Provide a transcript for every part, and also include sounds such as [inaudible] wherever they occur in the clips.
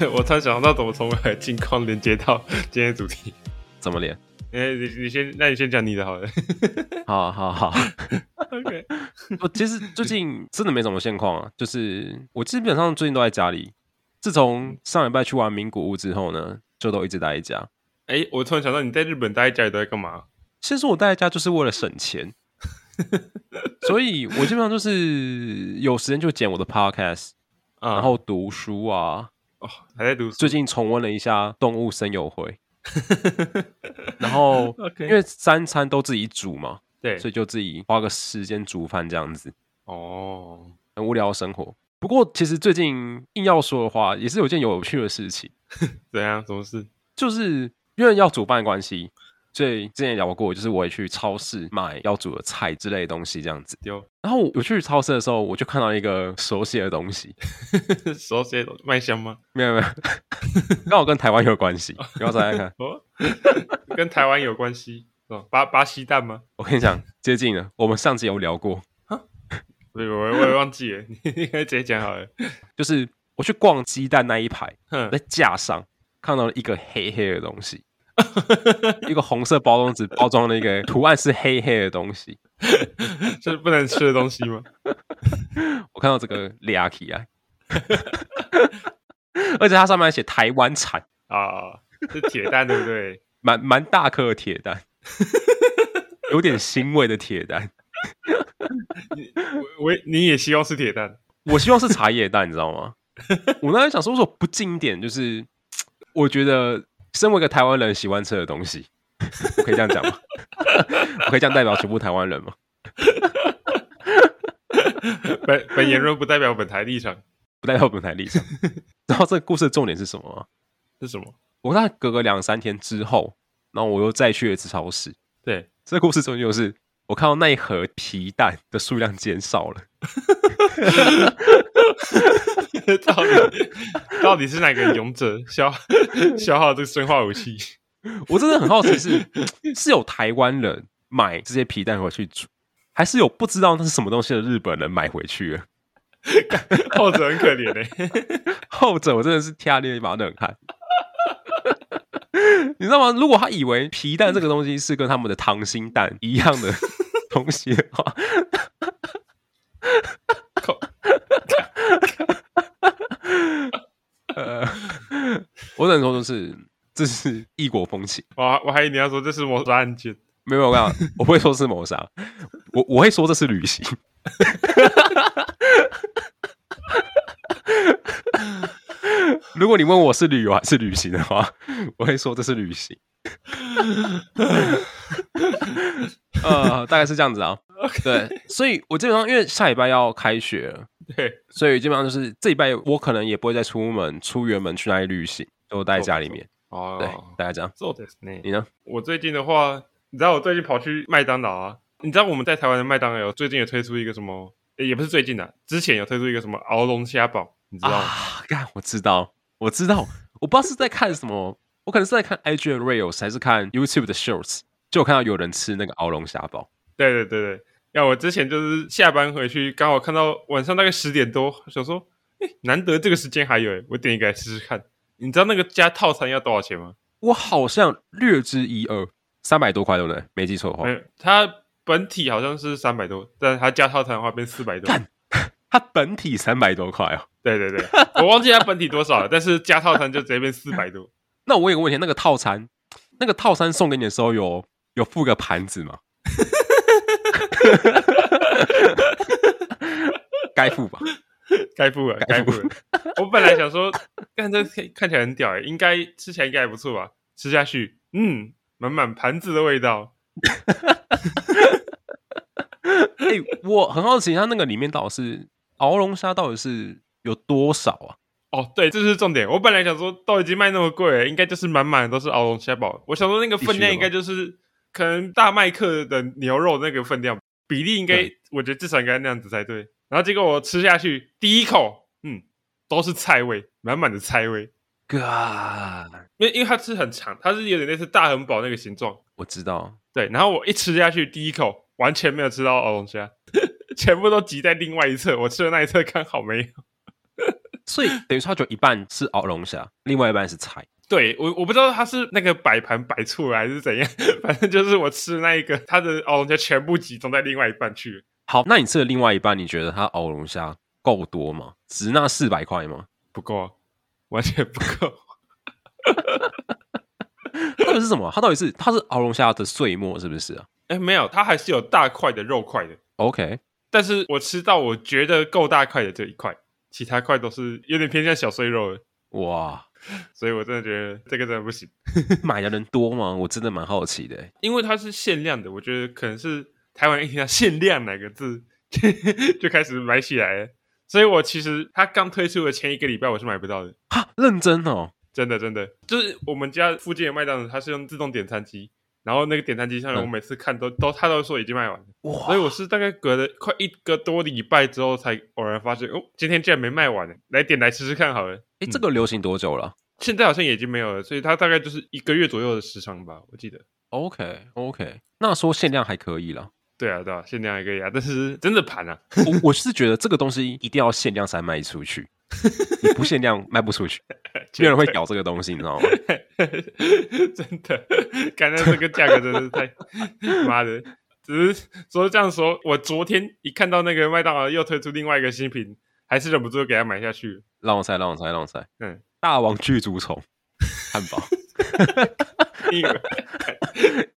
我突然想到，怎麼從現況連接到今天主題？怎麼連？哎，你你先，那你先講你的好了。好好好 [laughs] ，OK。我其實最近真的沒什麼現況啊，就是我基本上最近都在家裡。自從上禮拜去玩名古屋之後呢，就都一直待在家，欸。哎，我突然想到，你在日本待在家裡都在幹嘛？其實我待在家就是為了省錢，所以我基本上就是有時間就剪我的 Podcast，然後讀書啊、嗯。還在讀，最近重溫了一下《動物森友會》，然後因為三餐都自己煮嘛，對，所以就自己花個時間煮飯這樣子。哦，很無聊的生活。不過其實最近硬要說的話，也是有件有趣的事情。怎樣？什麼事？就是因為要主辦關係。所以之前也聊過，就是我也去超市買要煮的菜之類的東西，這樣子。然後我去超市的時候，我就看到一個熟悉的東西， [laughs] 熟悉的東西，麥香嗎？沒有沒有，剛好跟台灣有關係。然 [laughs] 要再來看哦， [laughs] 跟台灣有關係，是巴巴西蛋嗎？我跟你講，接近了。我們上次有聊過啊，我我也忘記了， [laughs] 你可以直接講好了。就是我去逛雞蛋那一排，在架上看到了一個黑黑的東西。 [laughs] 一個紅色包裝紙包裝的一個圖案是黑黑的東西， [laughs] 是不能吃的東西嗎？ [laughs] 我看到這個 l i k 啊，而且它上面還寫台灣產啊，是鐵蛋對不對？蠻 [laughs] 蠻大顆的鐵蛋， [laughs] 有點腥味的鐵蛋 [laughs] [laughs] 你，你我，我你也希望是鐵蛋， [laughs] 我希望是茶葉蛋，你知道嗎？ [laughs] 我剛才想說說不經典，就是我覺得。身為一個台灣人，喜歡吃的東西，我可以這樣講嗎？ [laughs] [laughs] 我可以這樣代表全部台灣人嗎？ [laughs] 本本言論不代表本台立場，不代表本台立場。然 [laughs] 後這個故事的重點是什麼嗎？是什麼？我那隔個兩三天之後，然後我又再去了一次超市。對，這個、故事重點就是。我看到那一盒皮蛋的數量減少了，到底到底是哪個勇者消消耗這個生化武器？我真的很好奇，是是有台灣人買這些皮蛋回去煮，還是有不知道那是什麼東西的日本人買回去了？後者很可憐嘞，後者我真的是替他捏一把冷汗。你知道嗎？如果他以為皮蛋這個東西是跟他們的溏心蛋一樣的東西的話，嗯 [laughs] [laughs] [laughs] 呃，我只能說，就是，是這是異國風情。我我還以為你要說這是謀殺案件。 [laughs] 沒有，沒有，我不會說是謀殺，我我會說這是旅行。 [laughs] 如果你問我是旅遊還是旅行的話，我會說這是旅行 [laughs] 。 [laughs] [laughs] 呃，大概是這樣子啊、okay.。對，所以我基本上因為下禮拜要開學，對，所以基本上就是這禮拜我可能也不會再出門出遠門去哪裡旅行，就待在家裡面。哦，對，大概這樣、oh,。Oh. 你呢？我最近的話，你知道我最近跑去麥當勞啊。你知道我們在台灣的麥當勞最近有推出一個什麼？也不是最近的、啊，之前有推出一個什麼熬龍蝦堡，你知道嗎、啊啊？看，我知道。我知道，我不知道是在看什麼， [laughs] 我可能是在看 IG 的 Reels，還是看 YouTube 的 Shorts，就我看到有人吃那個澳龍蝦堡。對對對對，要我之前就是下班回去，剛好看到晚上大概十點多，想說，哎，欸，難得這個時間還有，我點一個來試試看。你知道那個加套餐要多少錢嗎？我好像略知一二，三百多塊，對不對？沒記錯的話，沒、欸、有，它本體好像是三百多，但它加套餐的話變四百多。它本體三百多塊哦，對對對，我忘記它本體多少了， [laughs] 但是加套餐就直接變四百多。那我有個問題，那個套餐，那個套餐送給你的時候有有附個盤子嗎？該 [laughs] 附 [laughs] 吧，該附了，該附了。了 [laughs] 我本來想說，看這看起來很屌、欸、應該吃起來應該還不錯吧？吃下去，嗯，滿滿盤子的味道。哎、 [laughs] [laughs] 欸，我很好奇，它那個裡面到底是？敖龍蝦到底是有多少啊？哦，對，這是重點。我本來想說，都已經賣那麼貴了，應該就是滿滿都是敖龍蝦堡。我想說那個分量應該就是可能大麥克的牛肉的那個分量比例應該，應該我覺得至少應該那樣子才對。然後結果我吃下去第一口，嗯，都是菜味，滿滿的菜味。God，因為因為它吃很長，它是有點類似大亨堡那個形狀。我知道，對。然後我一吃下去第一口，完全沒有吃到敖龍蝦。 [laughs] 全部都集在另外一側，我吃的那一側剛好沒有， [laughs] 所以等於說就一半是熬龍蝦，另外一半是菜。對，我我不知道他是那個擺盤擺錯還是怎樣，反正就是我吃的那一個，他的熬龍蝦全部集中在另外一半去。好，那你吃的另外一半，你覺得他熬龍蝦夠多嗎？值那四百塊嗎？不夠、啊，完全不夠。 [laughs] [laughs] 到底是什麼、啊？他到底是他是熬龍蝦的碎末是不是啊？哎、欸，沒有，他還是有大塊的肉塊的。OK。但是我吃到我覺得夠大塊的這一塊，其他塊都是有點偏向小碎肉的，哇！所以我真的覺得這個真的不行。 [laughs] 買的人多嗎？我真的蠻好奇的。因為它是限量的，我覺得可能是台灣一聽到“限量”兩個字 [laughs] 就開始買起來了。所以我其實它剛推出的前一個禮拜我是買不到的。哈，認真哦？真的真的，就是我們家附近的麥當勞，它是用自動點餐機。然後那個點餐機上，我每次看都、嗯、都他都說已經賣完了哇，所以我是大概隔了快一個多禮拜之後，才偶然發現哦，今天竟然沒賣完，來點來試試看好了。哎，這個流行多久了？嗯、現在好像也已經沒有了，所以它大概就是一個月左右的時長吧，我記得。OK OK，那說限量還可以了。對啊對啊，限量還可以啊，但是真的盤啊， [laughs] 我我是覺得這個東西一定要限量才賣出去。 [laughs] 你不限量賣不出去，沒有人會搞這個東西，你知道嗎？ [laughs] 真的，感覺這個價格，真的是太 [laughs] 媽的！只是說這樣說，我昨天一看到那個麥當勞又推出另外一個新品，還是忍不住給他買下去。讓我猜，讓我猜，讓我猜，嗯，大王具足蟲漢堡。 [laughs] [laughs]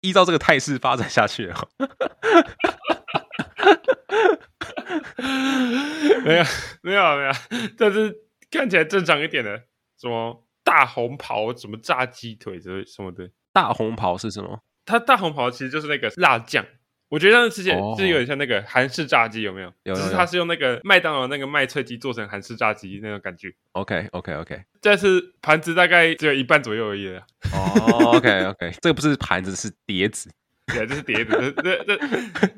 依照這個態勢發展下去 [laughs] [laughs] 沒有，沒有，沒有。這是看起來正常一點的，什麼大紅袍，什麼炸雞腿之類什麼的。大紅袍是什麼？它大紅袍其實就是那個辣醬，我覺得那之前是、oh. 有點像那個韓式炸雞，有沒有？有。就是它是用那個麥當勞那個麥脆雞做成韓式炸雞那種感覺。OK，OK，OK，okay, okay, okay. 但是盤子大概只有一半左右而已了。哦，oh，OK，OK，okay, okay. [laughs] 這個不是盤子，是碟子。對、啊，這、就是碟子， [laughs] 這這這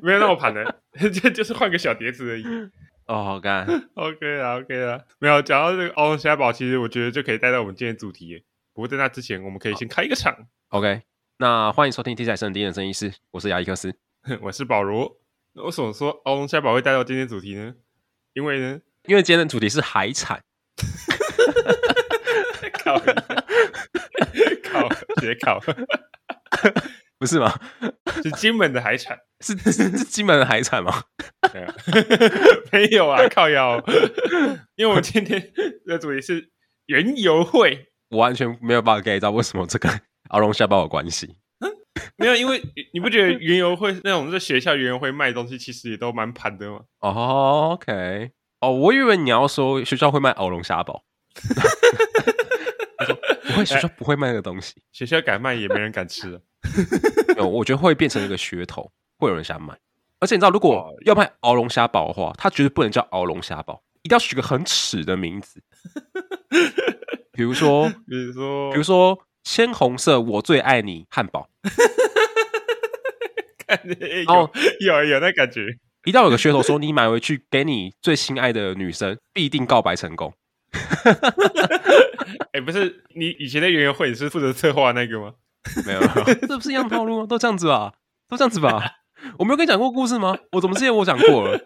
沒有那麼盤的，這 [laughs] [laughs] 就是換個小碟子而已。哦，好乾。OK 啊，OK 啊，沒有講到這個歐龍蝦堡其實我覺得就可以帶到我們今天的主題。不過在那之前，我們可以先開一個場。Oh. OK，那歡迎收聽《天才生》第的聲音師，我是亞歷克斯， [laughs] 我是保羅。那我所說，歐龍蝦堡會帶到今天主題呢？因為呢，因為今天的主題是海產。 [laughs] [laughs] 考考，別考， [laughs] 不是嗎？是金門的海產，是是是金門的海產嗎？ [laughs] 沒有啊，靠腰， [laughs] 因為我今天在主題是園遊會，我完全沒有辦法 get 到為什麼這個澳龍蝦堡有關係。 [laughs] 沒有，因為你不覺得園遊會那種在學校園遊會賣東西，其實也都蠻盤的嗎？哦、oh，OK，哦、oh，我以為你要說學校會賣澳龍蝦堡， [laughs] [laughs] 他說不會，學校不會賣那個東西、欸，學校敢賣也沒人敢吃。 [laughs] 我覺得會變成一個噱頭，會有人想買。而且你知道，如果要賣鰲龍蝦堡的話，它絕對不能叫鰲龍蝦堡，一定要取個很扯的名字，比如說，比如說，比如說鮮紅色我最愛你漢堡。看 [laughs] 覺有 [laughs] 有有，有那感覺，一定要有個噱頭，說你買回去給你最心愛的女生，必定告白成功。哎、 [laughs] [laughs] 欸，不是你以前的園遊會是負責策劃那個嗎？ [laughs] 沒有，這不是一樣的套路嗎？都這樣子啊，都這樣子吧。我沒有跟你講過故事嗎？我怎麼之前我講過了？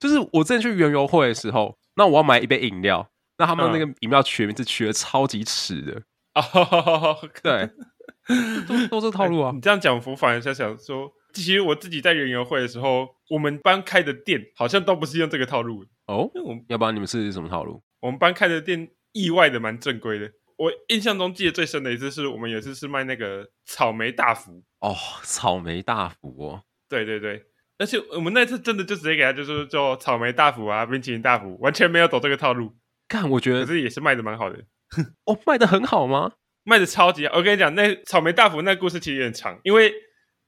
就是我之前去園遊會的時候，那我要買一杯飲料，那他們那個飲料全是取名字取的超級屎的啊、哦哦哦！對， [laughs] 都都是套路啊。欸、你這樣講，我反而在想說，其實我自己在園遊會的時候，我們班開的店好像都不是用這個套路哦。我要不然你們是什麼套路？我們班開的店意外的蠻正規的。我印象中記得最深的一次，是我們也是是賣那個草莓大福哦，草莓大福哦，對對對，而且我們那次真的就直接給他就是做草莓大福啊、冰淇淋大福，完全沒有走這個套路。看，我覺得這也是賣的蠻好的。哼，哦，賣的很好嗎？賣的超級！我跟你講，那草莓大福那故事其實有點長，因為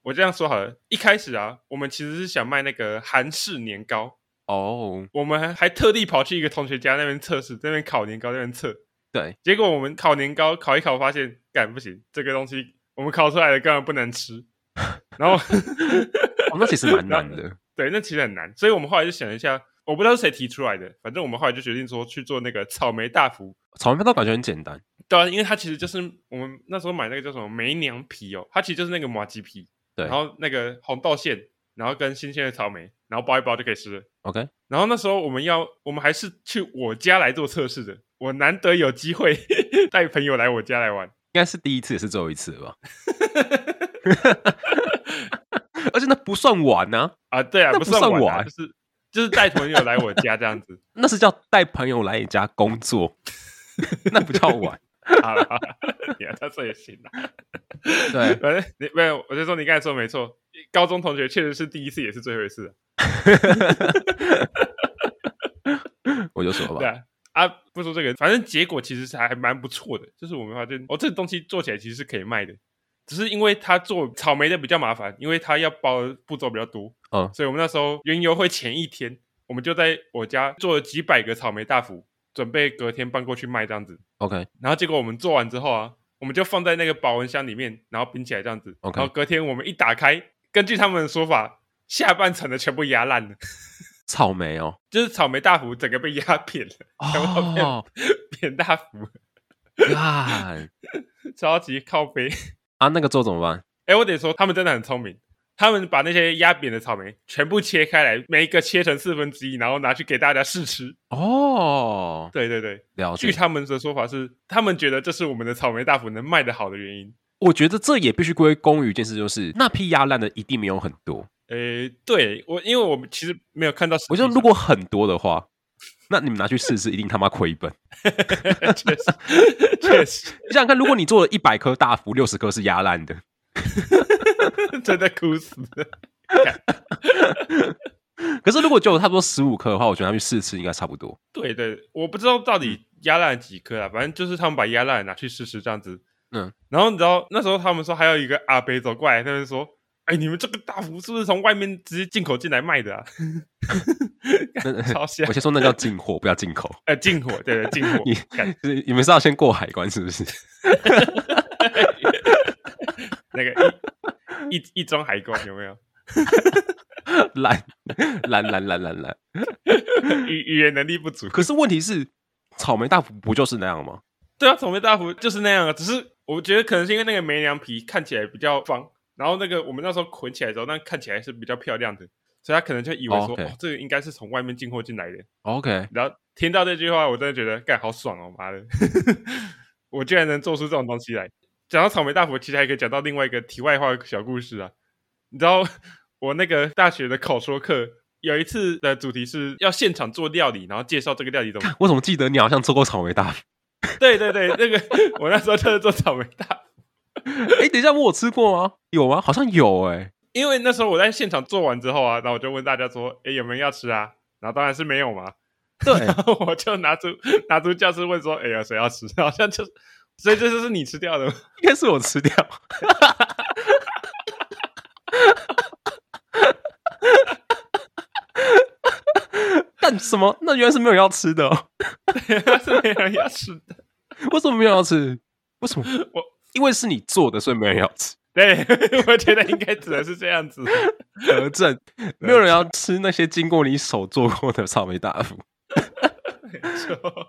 我這樣說好了，一開始啊，我們其實是想賣那個韓式年糕哦，我們還還特地跑去一個同學家那邊測試，那邊烤年糕，那邊測。對，結果我們烤年糕，烤一烤發現幹不行，這個東西我們烤出來的根本不能吃。然後， [laughs] [laughs] [laughs] 哦，那其實蠻難的。對，那其實很難，所以我們後來就想了一下，我不知道是誰提出來的，反正我們後來就決定說去做那個草莓大福。草莓大福感覺很簡單，對啊，因為它其實就是我們那時候買的那個叫什麼梅娘皮哦，它其實就是那個麻吉皮，對，然後那個紅豆餡，然後跟新鮮的草莓，然後包一包就可以吃了。OK，然後那時候我們要，我們還是去我家來做測試的。我難得有機會帶 [laughs] 朋友來我家來玩，應該是第一次也是最後一次吧。 [laughs] [laughs] 而且那不算玩呢，啊，啊，對啊，啊，不算玩，就是就是帶朋友來我家這樣子， [laughs] 那是叫帶朋友來你家工作， [laughs] 那不叫玩。 [laughs] 好了，你、yeah, 他說也行的。對，反正你沒有，我就說你剛才說沒錯。高中同學確實是第一次，也是最後一次，啊。 [laughs] [laughs] 我就說麼吧，對啊？啊，不說這個，反正結果其實是還蠻不錯的。就是我們發現，我、哦、這個、東西做起來其實是可以賣的，只是因為它做草莓的比較麻煩，因為它要包的步驟比較多。嗯，所以我們那時候園遊會前一天，我們就在我家做了幾百個草莓大福。準備隔天搬過去賣這樣子，OK。然後結果我們做完之後啊，我們就放在那個保溫箱裡面，然後冰起來這樣子，okay。然後隔天我們一打開，根據他們的說法，下半層的全部壓爛了。草莓哦，就是草莓大福整個被壓扁了，oh。全部都變扁大福啊，yeah。超級靠背啊，那個做怎麼辦？哎，我得說他們真的很聰明。他們把那些壓扁的草莓全部切開來，每一個切成四分之一，然後拿去給大家試吃。哦，對對對，據他們的說法是，他們覺得這是我們的草莓大福能賣得好的原因。我覺得這也必須歸功於一件事，就是那批壓爛的一定沒有很多。誒、呃，對我，因為我們其實沒有看到。我覺得如果很多的話， [laughs] 那你們拿去試試，一定他媽媽虧本。 [laughs] 確實，確實，你想想看，如果你做了一百顆大福，六十顆是壓爛的。 [laughs] [laughs] 真的哭死！ [laughs] 可是如果只有差不多十五顆的話，我覺得去試吃應該差不多。對對、對，我不知道到底壓爛了幾顆啊，反正就是他們把壓爛拿去試試這樣子。嗯，然後你知道那時候他們說還有一個阿伯走過來，他們說：“哎，你們這個大福是不是從外面直接進口進來賣的啊？” [laughs] 超像！我先說那叫進貨，不要進口。哎，進貨，對對，進貨。你你們是要先過海關是不是？ [laughs] 那個。一一張海關有沒有？懶懶懶懶懶懶，語語言能力不足。可是問題是，草莓大福不就是那樣嗎？對啊，草莓大福就是那樣啊。只是我覺得，可能是因為那個梅娘皮看起來比較方，然後那個我們那時候捆起來的時候，那看起來是比較漂亮的，所以他可能就以為說，okay. 哦，這個應該是從外面進貨進來的。OK，然後聽到這句話，我真的覺得，幹，好爽哦，媽的， [laughs] 我居然能做出這種東西來。講到草莓大福，其實還可以講到另外一個題外話的小故事啊。你知道我那個大學的口說課，有一次的主題是要現場做料理，然後介紹這個料理怎麼。我怎麼記得你好像做過草莓大福？對對對， [laughs] 那個我那時候就是做草莓大。哎， [laughs] 等一下，我吃過嗎？有嗎？好像有哎、欸。因為那時候我在現場做完之後啊，然後我就問大家說：“哎，有沒有要吃啊？”然後當然是沒有嘛。對，然後我就拿出拿出教室問說：“哎呀，誰要吃？”然後好像就。所以這就是你吃掉的？應該是我吃掉。 [laughs] 幹 [laughs] 什麼？那原來是沒有要吃的喔。 [laughs] 對，是沒有人要吃的。 [laughs] 為什麼沒有要吃？為什麼我？因為是你做的，所以沒有人要吃。對，我覺得應該只能是這樣子。得 [laughs] 政，沒有人要吃那些經過你手做過的草莓大福 [laughs] 沒錯。沒錯。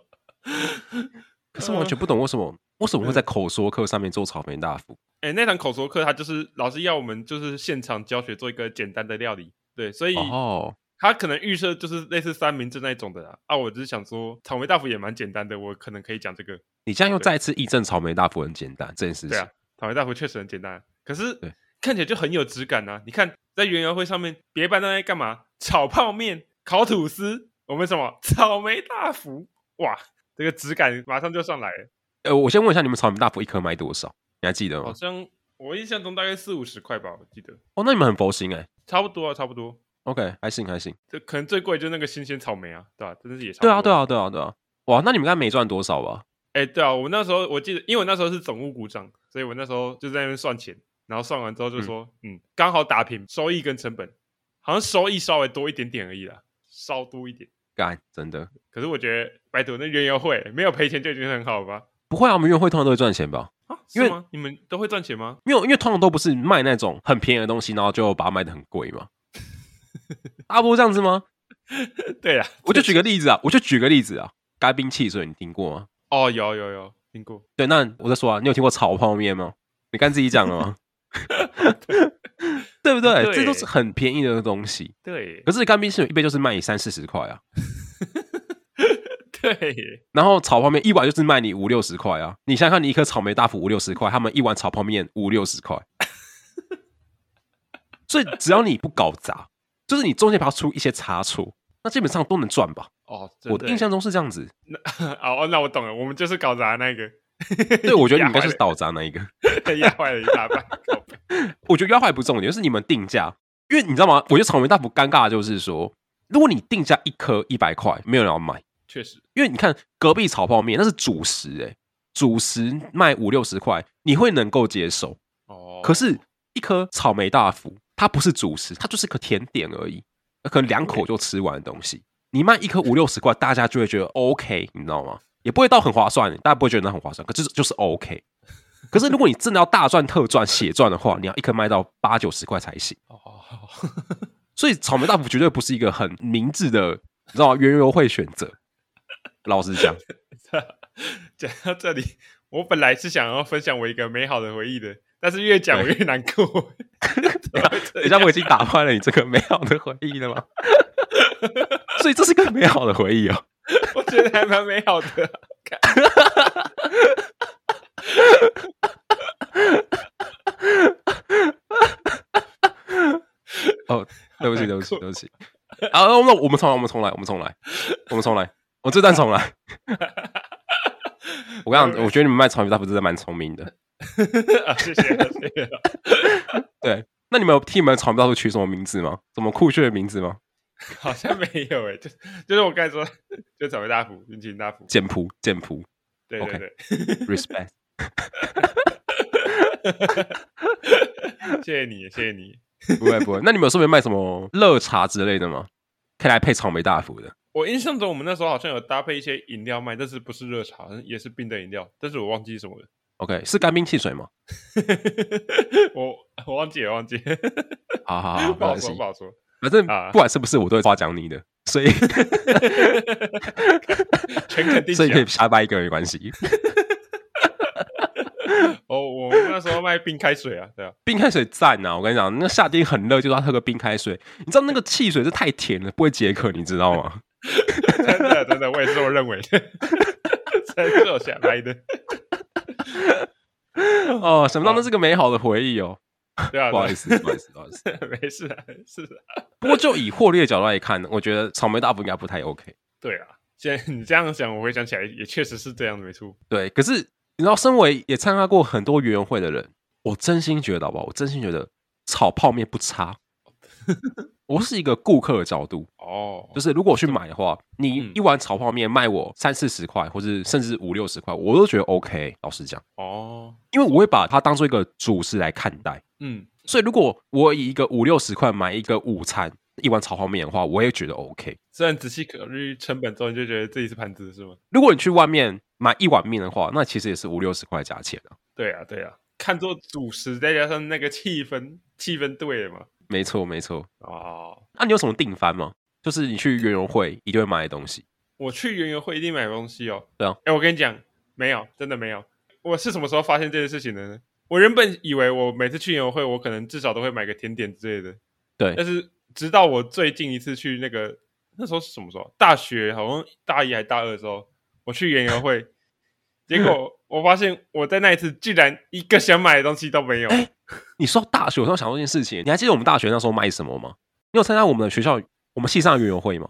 可是我完全不懂為什麼。為什麼會在口說課上面做草莓大福？哎、嗯欸，那堂口說課，他就是老師要我們就是現場教學做一個簡單的料理，對，所以哦，他可能預設就是類似三明治那種的啊。啊，我只是想說，草莓大福也蠻簡單的，我可能可以講這個。你這樣又再一次印證草莓大福很簡單這件事情。對啊，草莓大福確實很簡單，啊，可是看起來就很有質感吶，啊。你看在園遊會上面，別的班都在那幹嘛？炒泡麵、烤吐司，我們什麼草莓大福？哇，這個質感馬上就上來了。呃、欸，我先問一下，你們草莓大福一顆賣多少？你還記得嗎？好像我印象中大概四五十塊吧，我記得。哦，那你們很佛心哎、欸，差不多啊，差不多。OK，還行還行。這可能最貴就那個新鮮草莓啊，對吧、啊？真的是對啊，對啊，對啊，對啊，對啊。哇，那你們應該沒賺多少吧？哎、欸，對啊，我那時候我記得，因為我那時候是總務股長，所以我那時候就在那邊算錢，然後算完之後就說，嗯，剛、嗯、好打平，收益跟成本，好像收益稍微多一點點而已啦，稍多一點。幹，真的。可是我覺得拜託那園遊會沒有賠錢就已經很好吧？不會啊，我們園遊會通常都會賺錢吧？啊，因為是嗎？你們都會賺錢嗎？因為因為通常都不是賣那種很便宜的東西，然後就把它賣得很貴嘛。阿 [laughs] 波這樣子嗎？ [laughs] 對啊，我就舉個例子， [laughs] 個例子 [laughs] 啊，我就舉個例子啊，乾冰汽水你聽過嗎？哦，有有有聽過。對，那我再說啊，你有聽過炒泡麵嗎？你剛自己講了嗎？ [laughs] [laughs] 對， [laughs] 對不對？這都是很便宜的東西。對。可是乾冰汽水一杯就是賣你三四十塊啊。對，然後炒泡麵一碗就是賣你五六十塊啊！你想想看，你一顆草莓大福五六十塊，他們一碗炒泡麵五六十塊， [laughs] 所以只要你不搞砸，就是你中間不要出一些差錯，那基本上都能賺吧？哦，的我的印象中是這樣子那。哦，那我懂了，我們就是搞砸那個。 [laughs] 對，我覺得你們是倒砸那一個 [laughs] 壓，壓壞了一大半。 [laughs] 我覺得壓壞不重點，就是你們定價，因為你知道嗎？我覺得草莓大福尷尬的就是說，如果你定價一顆一百塊，沒有人要買。確實，因為你看隔壁炒泡麵那是主食、欸、主食賣五六十塊，你會能夠接受哦。Oh. 可是，一顆草莓大福它不是主食，它就是個甜點而已，可能兩口就吃完的東西。Okay. 你賣一顆五六十塊，大家就會覺得 OK，你知道嗎？也不會到很划算，欸，大家不會覺得很划算，可這就，就是 OK。可是，如果你真的要大賺特賺、血賺的話，你要一顆賣到八九十塊才行。Oh. [laughs] 所以，草莓大福絕對不是一個很明智的，你知道嗎？園遊會選擇。老實講，講到這裡，我本來是想要分享我一個美好的回憶的，但是越講我越難過。 [laughs] 這樣等一下，我已經打破了你這個美好的回憶了嗎？ [laughs] 所以這是一個美好的回憶哦。我覺得還蠻美好的、啊。哦、 [laughs] [laughs] oh,，對不起，對不起，對不起。啊，那我們重來，我們重來，我們重來，我們重來。 [laughs] 我最贊同了，我剛跟你， [laughs] 我覺得你們賣草莓大福真的蠻聰明的 [laughs] 、哦，謝謝謝謝。 [laughs] 對，那你們有替你們的草莓大福取什麼名字嗎？什麼酷炫的名字嗎？好像沒有誒、欸，就就是我剛才說，就草莓大福、冰淇淋大福、劍僕、劍僕，對對對，respect。Okay. [laughs] [laughs] 謝謝你，謝謝你，不會不會。那你們有順便賣什麼熱茶之類的嗎？可以來配草莓大福的。我印象中，我們那時候好像有搭配一些飲料賣，但是不是熱茶，也是冰的飲料，但是我忘記什麼了。OK，是乾冰汽水嗎？ [laughs] 我我忘記了，忘記。好好好，好，不好意思，不好意思。反正不管是不是，我都會誇獎你的。啊、所以 [laughs] 全肯定，所以可以瞎掰一個沒關係。 [laughs] 哦，我們那時候賣冰開水啊，對啊，冰開水贊啊！我跟你講，那夏天很熱，就是要喝個冰開水。你知道那個汽水是太甜了，不會解渴，你知道嗎？ [laughs] [laughs] [laughs] 真的，真的，我也是這麼認為的。才這麼想來的。哦、 [laughs] oh，想不到那是個美好的回憶哦。Oh. [laughs] 對啊，對 [laughs] 不好意思，不好意思，不好意思，沒事，啊，是的，啊。不過，就以獲利的角度來看呢，我覺得草莓大福應該不太 OK。對啊，現在你這樣想，我回想起來也確實是這樣的，沒錯。對，可是你知道，身為也參加過很多園遊會的人，我真心覺得，好不好？我真心覺得炒泡麵不差。 [laughs] 我是一個顧客的角度哦，就是如果我去買的話，你一碗炒泡麵賣我三四十塊，嗯，或者甚至五六十塊，我都覺得 OK。老實講哦，因為我會把它當做一個主食來看待，嗯，所以如果我以一個五六十塊買一個午餐，嗯，一碗炒泡麵的話，我也覺得 OK。雖然仔細考慮成本之後，你就覺得自己是盤子是嗎？如果你去外面買一碗麵的話，那其實也是五六十塊的價錢啊。對啊，對啊，看作主食再加上那個氣氛，氣氛對了嘛。沒錯，沒錯哦。那、oh. 啊、你有什麼定番嗎？就是你去園遊會一定會買的東西？我去園遊會一定買東西哦。對啊，哎、欸，我跟你講，沒有，真的沒有。我是什麼時候發現這件事情的呢？我原本以為我每次去園遊會，我可能至少都會買個甜點之類的。對。但是直到我最近一次去那個那時候是什麼時候？大學，好像大一還大二的時候，我去園遊會， [laughs] 結果我發現我在那一次居然一個想買的東西都沒有。欸你說大學，我說到想到一件事情，你還記得我們大學那時候賣什麼嗎？你有參加我們的學校，我們系上的園遊會嗎？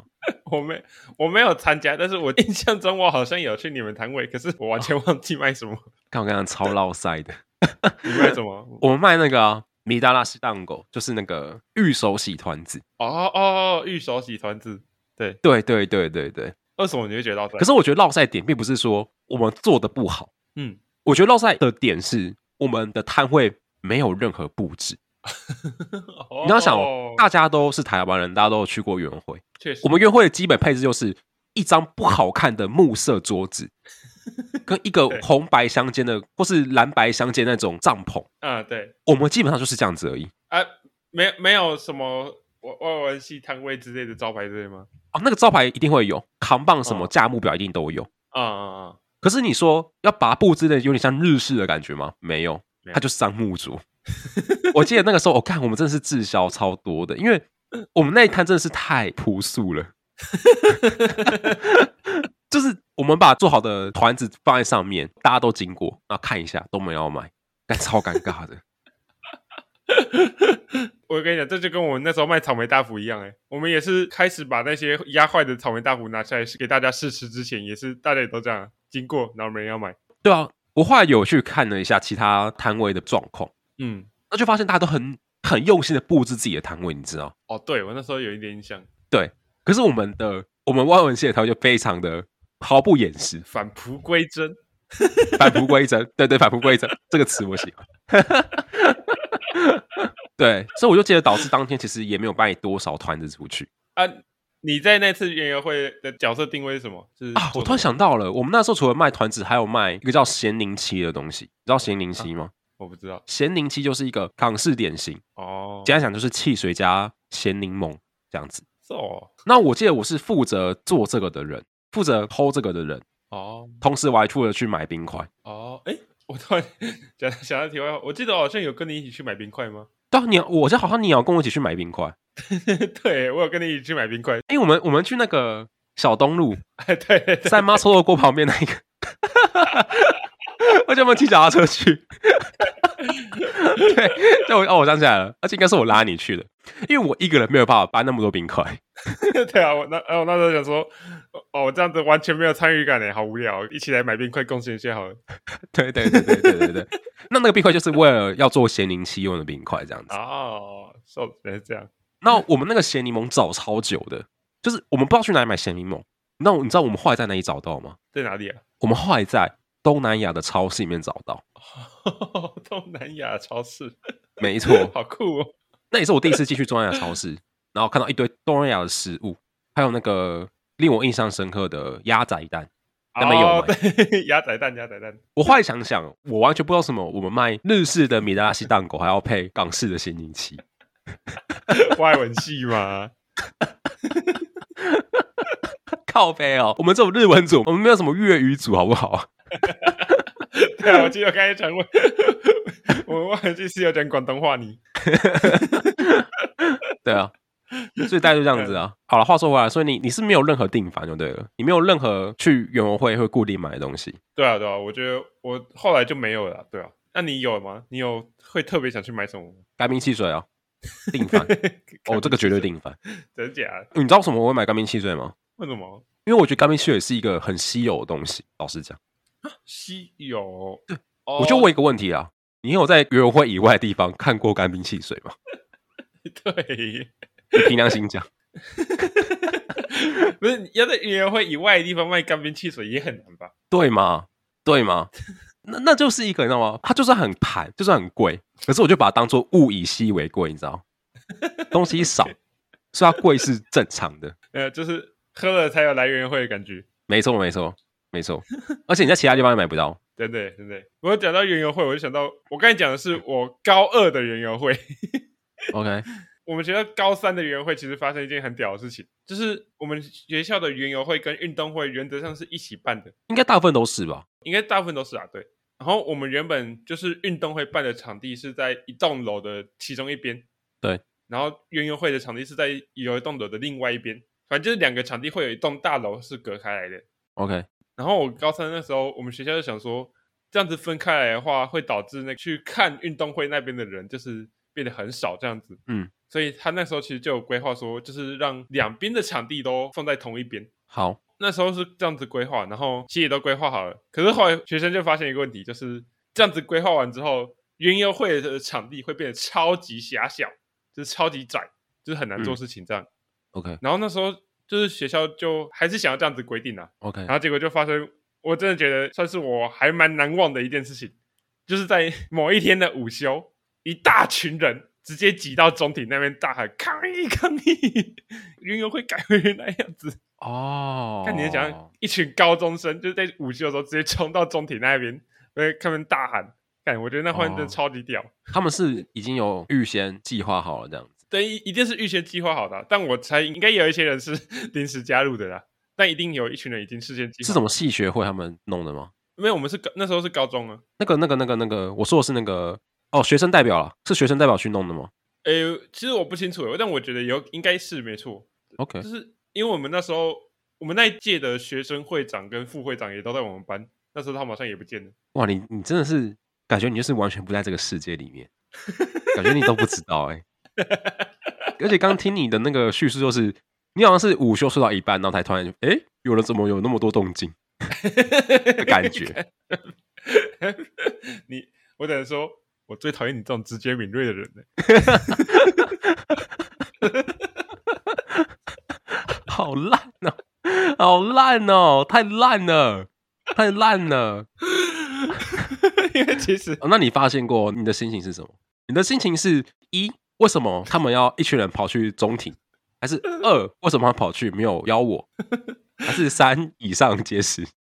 我沒，我沒有參加，但是我印象中我好像有去你們攤位，可是我完全忘記賣什麼。啊、剛剛,剛超落賽的， [laughs] 你賣什麼？我們賣那個米達拉西當狗，就是那個御手洗團子。哦哦，御手洗團子，對對對對對對。為什麼你會覺得落賽？可是我覺得落賽點並不是說我們做得不好，嗯，我覺得落賽的點是我們的攤位。沒有任何布置 [laughs] [laughs] 你，你要想，大家都是台灣人，大家都有去過園遊會。確實，我們園遊會的基本配置就是一張不好看的木色桌子，跟一個紅白相間的 [laughs] 或是藍白相間那種帳篷。啊、uh,，對，我們基本上就是這樣子而已。啊、uh,，沒有，沒有什麼外文系攤位之類的招牌，對嗎？哦、啊，那個招牌一定會有扛棒，uh, 什麼價目表一定都有。啊啊啊！可是你說要拔布之類，有點像日式的感覺嗎？沒有。他就是木竹。我記得那個時候，我 [laughs] 看、哦、我們真的是滯銷超多的，因為我們那一攤真的是太樸素了， [laughs] 就是我們把做好的團子放在上面，大家都經過，然後看一下，都沒有買，但超尷尬的。 [laughs] 我跟你講，這就跟我們那時候賣草莓大福一樣，哎，我們也是開始把那些壓壞的草莓大福拿出來是給大家試吃，之前也是大家也都這樣、啊、經過，然後沒人要買，對啊。我後來有去看了一下其他攤位的狀況，嗯，那就發現大家都很很用心的布置自己的攤位，你知道？哦，對，我那時候有一點印象。對，可是我們的、嗯、我們外文系的攤位就非常的毫不掩飾，返璞歸真，返璞歸真，對對，對反歸，返璞歸真這個詞我喜歡。 [laughs] 對，所以我就記得，導致當天其實也沒有賣多少團子出去啊。你在那次園遊會的角色定位是什麼？就是麼啊，我突然想到了，我們那時候除了賣團子，還有賣一個叫鹹檸七的東西。你知道鹹檸七嗎、啊？我不知道，鹹檸七就是一個港式點心哦，簡單想就是汽水加鹹檸檬這樣子。哦、so.，那我記得我是負責做這個的人，負責偷這個的人哦，同時我還負責去買冰塊哦。哎，我突然想想到題外話，我記得好像有跟你一起去買冰塊嗎？到你，我記好像你要跟我一起去買冰塊， [music] 對我有跟你一起去買冰塊。哎、欸，我們我們去那個小東路，哎， [music] 對，三媽臭臭鍋旁邊那一個，哈哈，我們騎腳踏車去。 [laughs] 對，叫我哦，我想起來了，而且應該是我拉你去的。因為我一個人沒有辦法搬那麼多冰塊 [laughs] 對啊，我那我那時候想說，哦，這樣子完全沒有參與感咧，好無聊、哦，一起來買冰塊貢獻一下好了， [laughs] 對,對對對對對對對， [laughs] 那那個冰塊就是為了要做鹹檸汽用的冰塊這樣子哦，是這樣，那我們那個鹹檸檬找超久的，就是我們不知道去哪裡買鹹檸檬，那你知道我們後來在哪裡找到嗎？在哪裡啊？我們後來在東南亞的超市裡面找到， [laughs] 東南亞超市，沒錯， [laughs] 好酷哦。那也是我第一次進去中南亞超市， [laughs] 然後看到一堆東南亞的食物，還有那個令我印象深刻的鴨仔蛋，oh, 那有麼有？鴨仔蛋，鴨仔蛋。我後來想想，我完全不知道什麼我們賣日式的米拉西蛋糕還要配港式的鹹檸七？外文系嗎？ [laughs] 靠北哦，我們這種日文組，我們沒有什麼粵語組，好不好？ [laughs] [laughs] 對啊，我記得我剛才講過。 [laughs] 我忘記是有講廣東話，你對啊，所以大概就這樣子啊。好了，話說回來，所以你你是沒有任何定番就對了，你沒有任何去園遊會會固定買的東西。對啊，對啊，我覺得我後來就沒有了。對啊，那你有嗎？你有會特別想去買什麼？乾冰汽水啊，定番？ [laughs] 哦，這個絕對定番，真假？你知道為什麼我會買乾冰汽水嗎？為什麼？因為我覺得乾冰汽水是一個很稀有的東西。老實講，稀有。對，我就問一個問題啊。哦你有在園遊會以外的地方看過乾冰汽水嗎？對，你憑良心講 [laughs] ， [laughs] 不是，要在園遊會以外的地方賣乾冰汽水也很難吧？對嗎？對嗎？那那就是一個，你知道嗎？它就算很盤，就算很貴，可是我就把它當做物以稀為貴，你知道？東西少， [laughs] 所以它貴是正常的。呃、嗯，就是喝了才有來園遊會的感覺。沒錯，沒錯，沒錯。而且你在其他地方也買不到。對對對，對，我講到園遊會，我就想到我剛才講的是我高二的園遊會。 [laughs] OK，我們學校高三的園遊會其實發生一件很屌的事情，就是我們學校的園遊會跟運動會原則上是一起辦的，應該大部分都是吧？應該大部分都是啊，對。然後我們原本就是運動會辦的場地是在一棟樓的其中一邊，對。然後園遊會的場地是在有一棟樓的另外一邊，反正就是兩個場地會有一棟大樓是隔開來的。OK。然後我高三那時候，我們學校就想說，這樣子分開來的話，會導致那個去看運動會那邊的人就是變得很少，這樣子。嗯，所以他那時候其實就有規劃說，就是讓兩邊的場地都放在同一邊。好，那時候是這樣子規劃，然後其實也都規劃好了。可是後來學生就發現一個問題，就是這樣子規劃完之後，園遊會的場地會變得超級狹小，就是超級窄，就是很難做事情這樣。嗯、OK，然後那時候。就是學校就還是想要這樣子規定吶、啊、，OK，然後結果就發生，我真的覺得算是我還蠻難忘的一件事情，就是在某一天的午休，一大群人直接擠到中庭那邊大喊抗議抗議，園、oh. 遊會改為原來樣子哦。Oh. 看你想像一群高中生就在午休的時候直接衝到中庭那邊，看他們大喊，感，我覺得那畫面真的超級屌。Oh. 他們是已經有預先計劃好了這樣。對，一定是預先計劃好的、啊。但我猜應該有一些人是臨時加入的啦。但一定有一群人已經事先計劃。是什麼系學會他們弄的嗎？因為我們是那時候是高中啊。那個、那個、那個、那個，我說的是那個哦，學生代表啦，是學生代表去弄的嗎？哎、欸，其實我不清楚，但我覺得有應該是沒錯。OK，就是因為我們那時候我們那一屆的學生會長跟副會長也都在我們班，那時候他好像也不見了。哇，你你真的是感覺你就是完全不在這個世界裡面，感覺你都不知道哎、欸。 [laughs] [laughs] 而且剛聽你的那個敘述，就是你好像是午休睡到一半，然後才突然就，哎，有了，怎麼有那麼多動靜？感覺 [laughs] 你，我等於說，我最討厭你這種直覺敏銳的人 [laughs] 好爛哦、啊，好爛哦，太爛了，太爛了。其 [laughs] 實、 [laughs] 哦，那你發現過你的心情是什麼？你的心情是一，為什麼他們要一群人跑去中庭？還是二？為什麼他跑去，沒有邀我？ [laughs] 還是三以上皆是？ [laughs]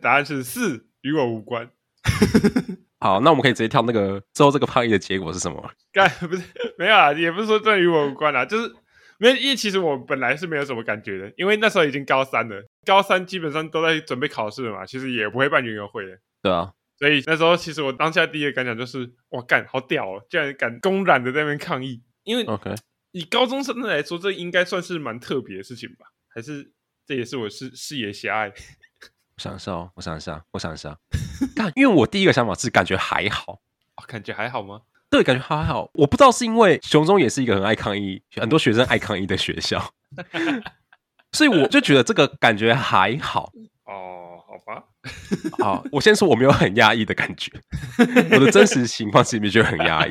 答案是四，與我無關。 [laughs] 好，那我們可以直接跳那個最後這個 party 的結果是什麼？幹不是沒有啊，也不是說這與我無關啊，就是沒因為其實我本來是沒有什麼感覺的，因為那時候已經高三了，高三基本上都在準備考試了嘛，其實也不會辦園遊會的。對啊。所以那時候，其實我當下第一個感想就是：哇，幹好屌哦！竟然敢公然的在那邊抗議。因為，以高中生的來說，這應該算是蠻特別的事情吧？還是這也是我視視野狹隘？我想一想，我想一想，我想一想。幹，因為我第一個想法是感覺還好。哦，感覺還好嗎？對，感覺還好。我不知道是因為雄中也是一個很愛抗議、很多學生愛抗議的學校， [laughs] 所以我就覺得這個感覺還好哦。好、 [laughs] uh,，我先說我沒有很壓抑的感覺， [laughs] 我的真實情況是不是覺得很壓抑？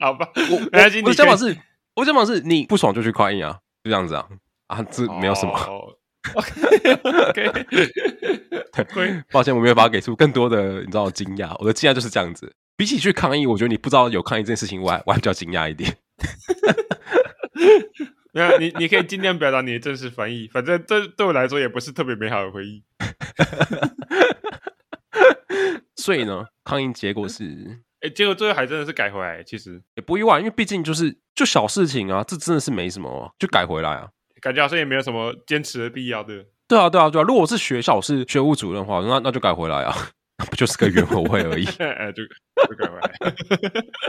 好 [laughs] 吧我， [laughs] 我 [laughs] 我想法是， [laughs] 我想法是你不爽就去抗議啊，就這樣子啊，啊，這沒有什麼。抱歉，我沒有辦法給出更多的， [laughs] [laughs] 你知道，驚訝。我的驚訝就是這樣子，比起去抗議，我覺得你不知道有抗議這件事情，我還我還比較驚訝一點。 [laughs] 你，你可以盡量表達你的真實翻譯。反正對對我來說也不是特別美好的回憶。 [laughs] [laughs] 所以呢，抗議結果是，哎、欸，結果最後還真的是改回來。其實也不意外，因為畢竟就是就小事情啊，這真的是沒什麼、啊，就改回來啊。感覺好像也沒有什麼堅持的必要的，對對？啊，對啊，對啊。如果是學校是學務主任的話，那那就改回來啊，不 [laughs] 就是個園遊會而已？哎、 [laughs] 呃，就改回來、啊，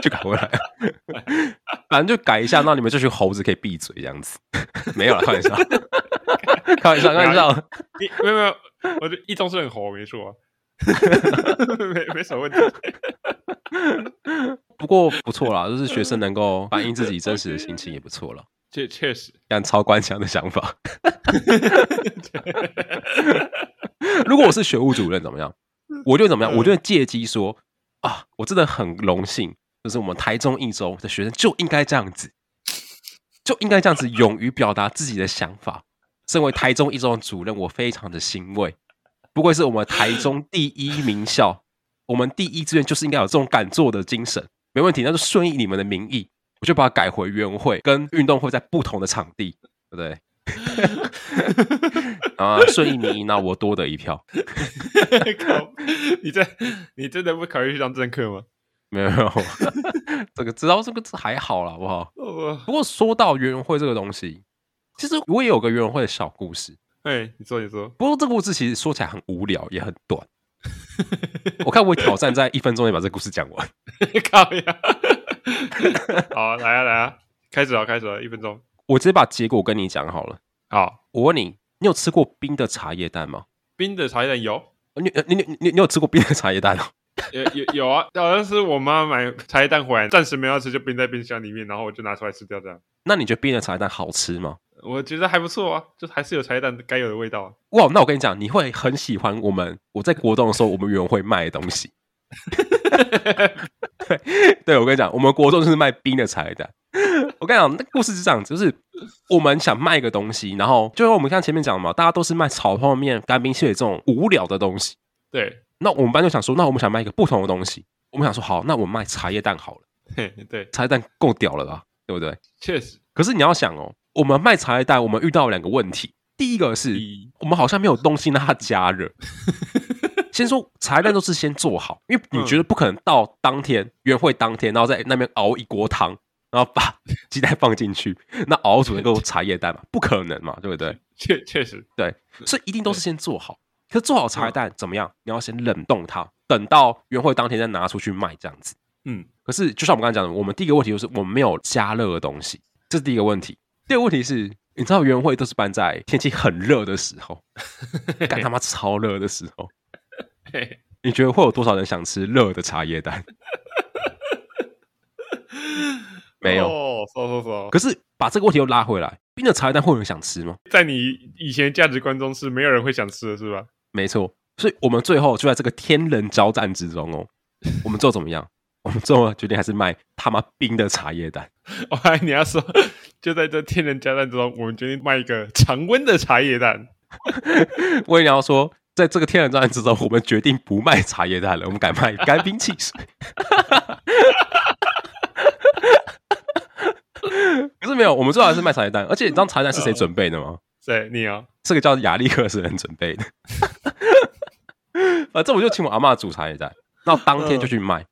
[laughs] 就改回來、啊。 [laughs] 反正就改一下，那你們這群猴子可以閉嘴這樣子， [laughs] 沒有了，開玩， [laughs] 開玩笑，開玩笑，開玩笑，沒有沒有，我一中是很猴，沒錯， [laughs] 沒沒什麼問題。不過不錯啦，就是學生能夠反映自己真實的心情，也不錯啦。這確實，這樣超官腔的想法。 [laughs] 如果我是學務主任，怎麼樣？我就會怎麼樣，嗯、我就會借機說啊，我真的很榮幸。就是我們台中一中的學生就應該這樣子，就應該這樣子勇於表達自己的想法。身為台中一中的主任，我非常的欣慰。不愧是我們台中第一名校，我們第一志願就是應該有這種敢做的精神，沒問題。那就順應你們的民意，我就把它改回園遊會跟運動會在不同的場地，對不對？ [laughs] [laughs] 啊，順應民意，那我多得一票 [laughs] 你在。你真你真的不考慮去當政客嗎？沒有， [laughs] [laughs] 這個知道這個字還好了，不好。哦啊、不過說到園遊會這個東西，其實我也有個園遊會的小故事。哎，你說你說。不過這個故事其實說起來很無聊，也很短。 [laughs] 我看我挑戰在一分鐘內把這故事講完。 [laughs] 靠呀野！ [laughs] 好，來啊來啊，開始啊開始啊！一分鐘，我直接把結果跟你講好了。啊我問你，你有吃過冰的茶葉蛋嗎？冰的茶葉蛋有。你你你你，你有吃過冰的茶葉蛋嗎？ [laughs] 有有有啊，好像是我媽買茶葉蛋回來，暫時沒有要吃，就冰在冰箱裡面，然後我就拿出來吃掉這樣。那你覺得冰的茶葉蛋好吃嗎？我覺得還不錯啊，就還是有茶葉蛋該有的味道啊。哇，wow，那我跟你講，你會很喜歡我們我在國中的時候，我們園遊會賣的東西。 [laughs] [laughs] [laughs] 對、對，我跟你講，我們國中就是賣冰的茶葉蛋。 [laughs] 我跟你講，那故事是這樣，就是我們想賣一個東西，然後就我們像前面講嘛，大家都是賣炒泡面、乾冰、汽水這種無聊的東西。對。那我們班就想說，那我們想賣一個不同的東西。我們想說，好，那我們賣茶葉蛋好了。嘿，對，茶葉蛋夠屌了吧、啊？對不對？確實。可是你要想哦，我們賣茶葉蛋，我們遇到兩個問題。第一個是，我們好像沒有東西讓它加熱。嗯、先說茶葉蛋都是先做好、嗯，因為你覺得不可能到當天園遊會當天，然後在那邊熬一鍋湯，然後把雞蛋放進去，那熬煮那個茶葉蛋嘛，不可能嘛，對不對？確確實對，所以一定都是先做好。可是做好茶葉蛋怎麼樣？嗯、你要先冷凍它，等到園會當天再拿出去賣這樣子。嗯，可是就像我們剛才講的，我們第一個問題就是我們沒有加熱的東西，這是第一個問題。第二個問題是，你知道園會都是辦在天氣很熱的時候，幹 [laughs] 他媽超熱的時候。 [laughs] 你覺得會有多少人想吃熱的茶葉蛋？ [laughs] 沒有，少少說。可是把這個問題又拉回來，冰的茶葉蛋會有人想吃嗎？在你以前價值觀中是沒有人會想吃的是吧？沒錯，所以我們最後就在這個天人交戰之中哦。我們做怎麼樣？我們最後決定還是賣他媽冰的茶葉蛋。我跟你要說，就在這天人交戰之中，我們決定賣一個常溫的茶葉蛋 [laughs] 。我也要說，在這個天人交戰之中，我們決定不賣茶葉蛋了，我們改賣乾冰汽水。 [laughs] [laughs] 可是沒有，我們最後還是賣茶葉蛋。而且，你知道茶葉蛋是誰準備的嗎？對你哦？這個叫亞歷克斯人準備的，啊，反正我就請我阿媽煮茶葉蛋，那當天就去賣，嗯、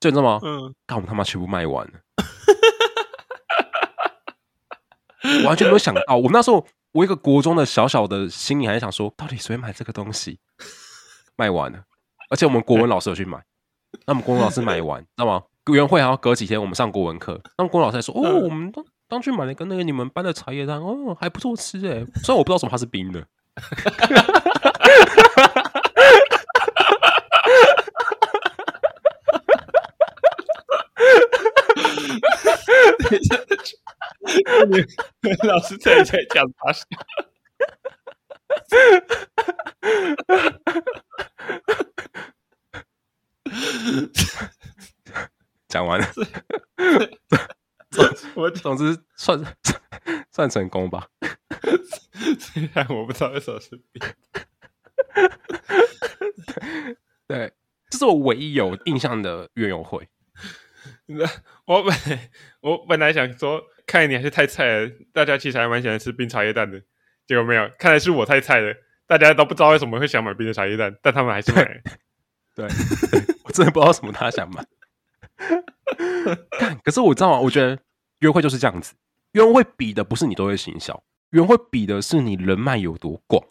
就你知道嗎？嗯，幹我們他媽全部賣完了，嗯、 [laughs] 我完全沒有想到，我那時候我一個國中的小小的心裡還想說，到底誰買這個東西？賣完了，而且我們國文老師有去買，欸、那麼國文老師買完，那、欸、知道嗎？園會還要隔幾天我們上國文課，那麼國文老師還說、嗯、哦，我們都。剛去買了個那個你們班的茶葉蛋，哦，還不錯吃哎。雖然我不知道什麼它是冰的。講 [laughs] [laughs] [laughs] [laughs] 講完了。 [laughs] 總我總之算算，算成功吧，雖然我不知道為什麼是冰 [laughs] 對，這、 [laughs] 就是我唯一有印象的園遊會。我本我本來想說，看你還是太菜了，大家其實還蠻喜歡吃冰茶葉蛋的。結果沒有，看來是我太菜了。大家都不知道為什麼會想買冰的茶葉蛋，但他們還是買 [laughs] 對。對，我真的不知道什麼他想買。 [laughs] [laughs] 可是我知道啊，我覺得園遊會就是這樣子。園遊會比的不是你多會行銷，園遊會比的是你人脈有多廣。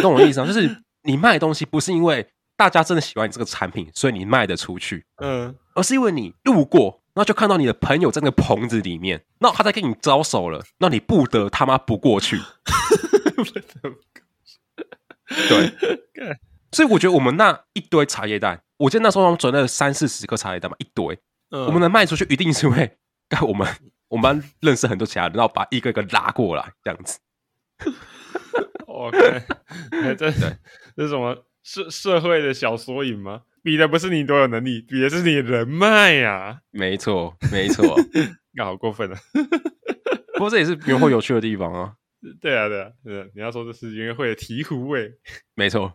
懂 [laughs] 我意思嗎、啊？就是你賣東西不是因為大家真的喜歡你這個產品，所以你賣得出去、嗯，而是因為你路過，那就看到你的朋友在那個棚子裡面，那他在跟你招手了，那你不得他媽不過去？ [laughs] [laughs] 對， [laughs] 所以我覺得我們那一堆茶葉蛋，我記得那時候我們準備了三四十個茶葉蛋嘛，一堆，呃、我們能賣出去一定是因為，我們我們認識很多其他人，然後把一個一個拉過來這樣子。 [laughs] ok、欸、這，對這是什麼社社會的小縮影嗎？比的不是你多有能力，比的是你人脈呀、啊。沒錯，沒錯、啊，那好過分了。不過這也是園遊會有趣的地方啊， [laughs] 啊。對啊，對啊，對啊，你要說這是園遊會的醍醐味，沒錯。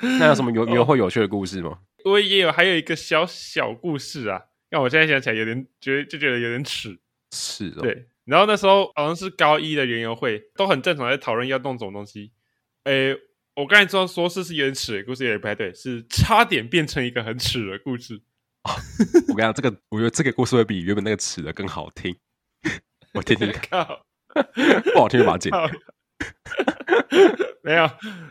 那有什麼遊、遊會有趣的故事嗎、哦？我也有，還有一個小小故事啊，讓我現在想起來有點覺得就覺得有點恥恥、哦。對，然後那時候好像是高一的園遊會，都很正常在討論要弄什麼東西。誒、欸，我剛才說說是是有點恥的故事，有點不太對，是差點變成一個很恥的故事。哦、我跟你講，這個我覺得這個故事會比原本那個恥的更好聽。我聽聽看，不好聽就把它剪掉。 [laughs] [laughs] 沒有，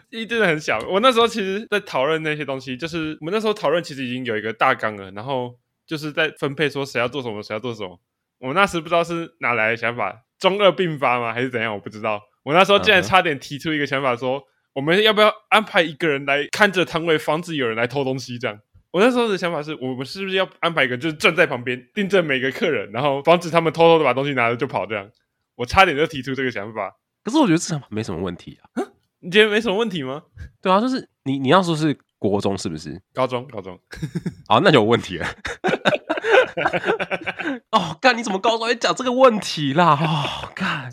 一真的很小。我那時候其實在討論那些東西，就是我們那時候討論其實已經有一個大綱了，然後就是在分配說誰要做什麼，誰要做什麼。我那時不知道是哪來的想法，中二病發嗎還是怎樣？我不知道。我那時候竟然差點提出一個想法說，說、uh-huh. 我們要不要安排一個人來看着攤位，防止有人來偷東西？這樣，我那時候的想法是我們是不是要安排一個，就是站在旁邊盯着每個客人，然後防止他們偷偷的把東西拿了就跑？這樣，我差點就提出這個想法。可是我覺得這沒什麼問題啊，你覺得沒什麼問題嗎？對啊，就是你你要說是國中是不是？高中高中 [laughs] 好，那就有問題了。 [laughs] [laughs] [laughs] 哦，幹你怎麼高中還講這個問題啦！哦，幹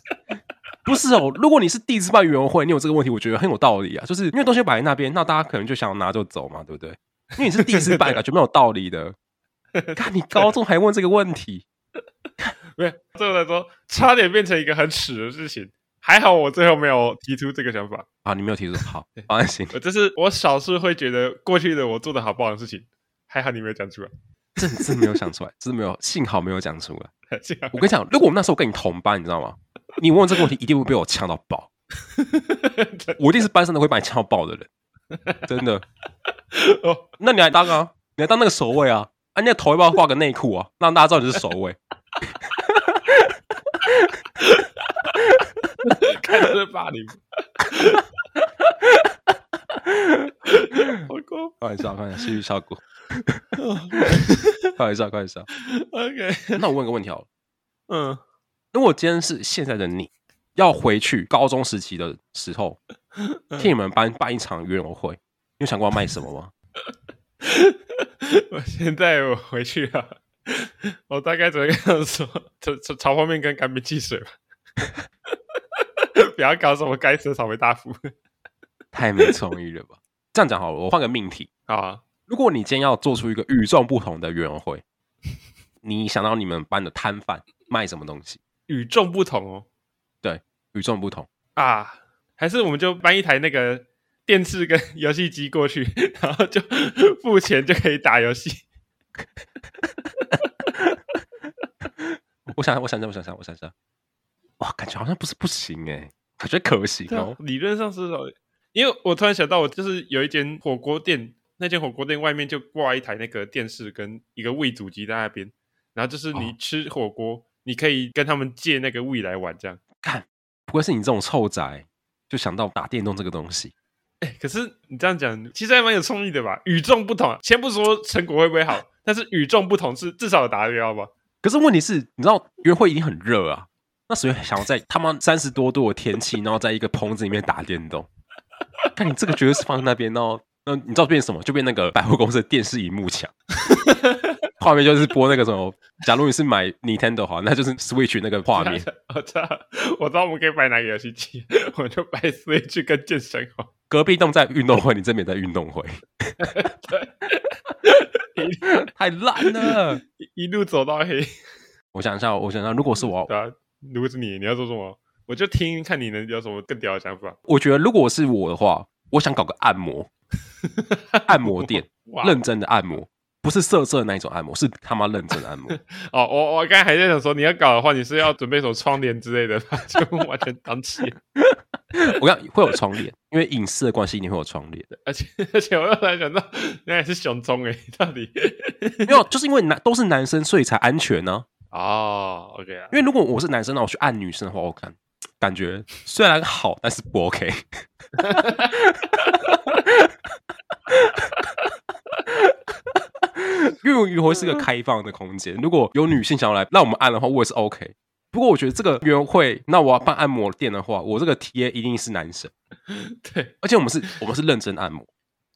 不是哦，如果你是第一次辦園遊會，你有這個問題，我覺得很有道理啊，就是因為東西擺在那邊，那大家可能就想拿就走嘛，對不對？因為你是第一次辦， [laughs] 對對對感覺，沒有道理的。幹， [laughs] 你高中還問這個問題，對， [laughs] [laughs] 對我來說差點變成一個很恥的事情。還好我最後沒有提出這個想法啊！你沒有提出，好，放心。我這是我少數會覺得過去的我做的好不好的事情，還好你沒有講出來，真真沒有想出來，真 [laughs] 的沒有，幸好沒有講出來講。我跟你講，如果我那時候跟你同班，你知道嗎？你問我這個問題一定會被我嗆到爆， [laughs] 我一定是班上的會把你嗆到爆的人，真的。哦， [laughs] 那你來當啊？你來當那個守衛啊？啊，你的頭要不要畫個內褲啊，讓大家知道你是守衛。 [laughs] [laughs] 看 [laughs] 的始是八零， [laughs] [laughs] 不好意思，不好意思，啊，繼續炒股。不好意思，不 OK，那我問個問題哦。嗯，如果今天是現在的你，要回去高中時期的時候，嗯、替你們班辦，辦一場園遊會，你有想過要賣什麼嗎？ [laughs] 我現在我回去了，啊， [laughs] 我大概怎樣說？炒炒炒泡麵跟乾冰汽水吧。 [laughs] 不要搞什麼該死的草莓大福， [laughs] 太沒創意了吧？這樣講好了，我換個命題啊。如果你今天要做出一個與眾不同的園遊會， [laughs] 你想到你們班的攤販賣什麼東西？與眾不同哦，對，與眾不同啊！還是我們就搬一台那個電視跟遊戲機過去，然後就付錢就可以打遊戲。 [laughs] [laughs] 我想，我想想，我想想，我想想，哇，感覺好像不是不行哎、欸。我覺得可行哦。理論上是，因為我突然想到，我就是有一間火鍋店，那間火鍋店外面就掛一台那個電視跟一個 Wii 主機在那邊，然後就是你吃火鍋、哦，你可以跟他們借那個 Wii 來玩這樣。看，不會是你這種臭宅就想到打電動這個東西。哎、欸，可是你這樣講，其實還蠻有創意的吧？與眾不同、啊、先不說成果會不會好， [laughs] 但是與眾不同是至少有達標，知道嗎？可是問題是，你知道園遊會已經很熱啊。那所以想要在他媽三十多度的天氣，然後在一個棚子裡面打電動？ [laughs] 看你這個絕對是放在那邊哦。那你知道變什麼？就變那個百貨公司的電視熒幕牆，畫 [laughs] 面就是播那個什麼。假如你是買 Nintendo 好，那就是 Switch 那個畫面。假假我操，我知道我們可以擺哪個遊戲機，我就擺 Switch 跟健身好。隔壁棟在運動會，你這邊在運動會，對， [laughs] [laughs] 太爛了，一路走到黑。我想一下，我想一下，如果是我。如果是你，你要做什麼？我就聽，看你能有什麼更屌的想法。我覺得，如果是我的話，我想搞個按摩 [laughs] 按摩店哇，認真的按摩，不是色色的那一種按摩，是他媽認真的按摩。 [laughs] 哦，我我剛才還在想說，你要搞的話，你是要準備什麼窗簾之類的？就完全當起。我 [laughs] 講會有窗簾，因為隱私的關係，一定會有窗簾。 [laughs] 而且而且我又在想到，你也是雄中誒、欸、到底 [laughs] 沒有？就是因為男都是男生，所以才安全呢、啊。哦、oh，OK。因為如果我是男生，那我去按女生的話，我感感覺雖然好，但是不 OK。因為園遊會是個開放的空間，如果有女性想要來那我們按的話，我也是 OK。不過我覺得這個園遊會，那我要辦按摩店的話，我這個體驗一定是男生。對，而且我們是，我們是認真按摩，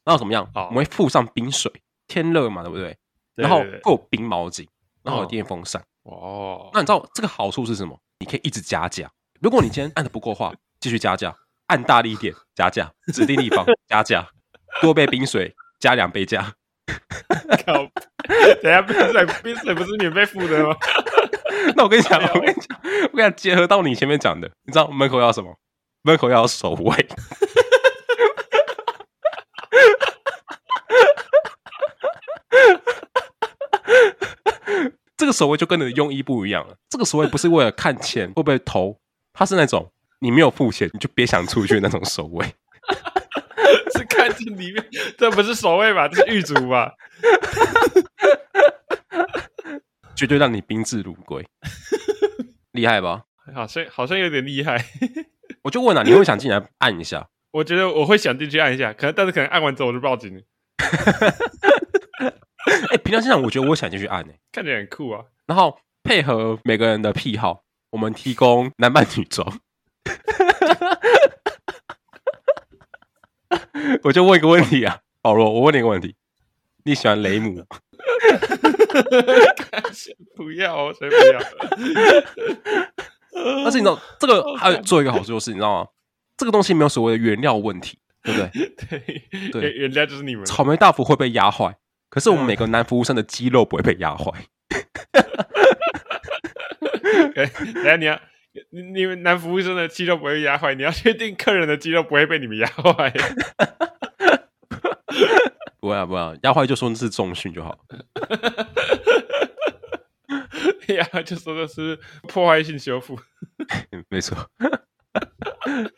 然後怎麼樣？Oh. 我們會附上冰水，天熱嘛，對不對？對對對，然後會有冰毛巾。然後有電風扇哦。哦。那你知道這個好處是什麼？你可以一直加價。如果你今天按得不夠話，繼續加價，按大力點加價，指定地方加價，多杯冰水加兩杯價。靠！等下冰水冰水，不是免費付的嗎？ [laughs] 那我跟你講，我跟你講，我跟你講，我跟你講，結合到你前面講的，你知道門口要什麼？門口要守衛。 [laughs] 這個守衛就跟你的用意不一樣了。這個守衛不是為了看錢會不會投，他是那種你沒有付錢你就別想出去那種守衛。是看進裡面，這不是守衛吧？ [laughs] 這是獄主吧？絕對讓你賓至如歸，厲 [laughs] 害吧？好像好像有點厲害。 [laughs] 我就問了、啊，你會想進來按一下？ [laughs] 我覺得我會想進去按一下，可能但是可能按完之後我就報警了。 [laughs] 哎、欸，平常現場我覺得我想進去按呢。欸，看起來很酷啊。然後配合每個人的癖好，我們提供男扮女裝。 [laughs] [laughs] 我就問一個問題啊，保、哦、羅，我問你一個問題，你喜歡雷姆嗎？ [laughs] 不要、哦，誰不要？但是你知道，這個還有做一個好處就是，你知道嗎？這個東西沒有所謂的原料問題，對不對？對對，原料就是你們。草莓大福會被壓壞。可是我們每個男服務生的肌肉不會被壓壞。等下，你要你們男服務生的肌肉不會壓壞，你要確定客人的肌肉不會被你們壓壞。不會啊，不會啊，壓壞就說那是重訓就好。哎呀，就說的是破壞性修復 [laughs] [laughs] 沒錯。沒錯。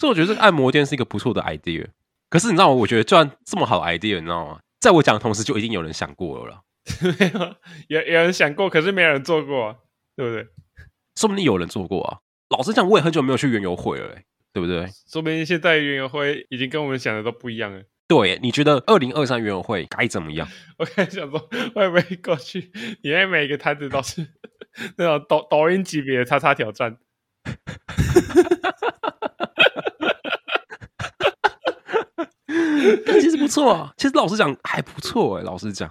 所以我覺得這個按摩店是一個不錯的 idea。可是你知道嗎？我覺得這樣這麼好的 idea，你知道嗎？在我講的同時，就已經有人想過了。 [laughs] 有，有人想過，可是沒有人做過、啊，對不對？說不定有人做過啊。老實講，我也很久沒有去園遊會了、欸，哎，對不對？說不定現在園遊會已經跟我們想的都不一樣了。對，你覺得二零二三園遊會該怎麼樣？我開始想說，會不會過去，因為每一個攤子都是 [laughs] 那種抖抖音級別的叉叉挑戰。 [laughs] [laughs] [laughs] 其實不錯啊，其實老實講還不錯哎、欸，老實講，